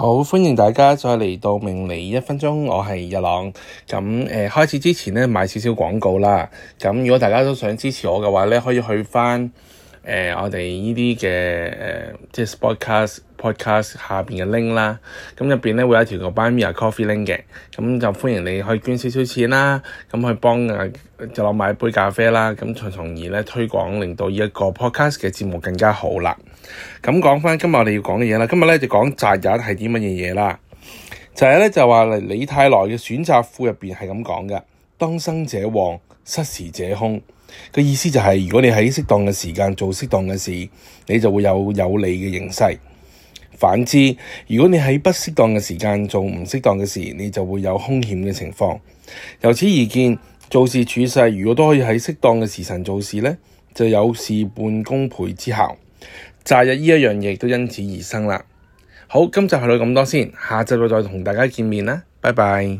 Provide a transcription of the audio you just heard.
好，歡迎大家再嚟到命理一分鐘，我係日朗。咁誒、呃，開始之前呢，買少少廣告啦。咁如果大家都想支持我嘅話咧，可以去翻誒、呃、我哋呢啲嘅誒，即係 podcast。podcast 下邊嘅 link 啦，咁入邊咧會有一條個 Buy、um、Me a Coffee link 嘅，咁就歡迎你去捐少少錢啦，咁去幫誒、啊、就攞買杯咖啡啦，咁從從而咧推廣，令到一個 podcast 嘅節目更加好啦。咁講翻今日我哋要講嘅嘢啦，今日咧就講擇日係啲乜嘢嘢啦，就係咧就話嚟李太來嘅選擇庫入邊係咁講嘅，當生者旺，失時者空嘅意思就係、是、如果你喺適當嘅時間做適當嘅事，你就會有有利嘅形勢。反之，如果你喺不適當嘅時間做唔適當嘅事，你就會有風險嘅情況。由此而見，做事處世如果都可以喺適當嘅時辰做事呢，就有事半功倍之效。擇日呢一樣嘢都因此而生啦。好，今集係到咁多先，下集我再同大家見面啦，拜拜。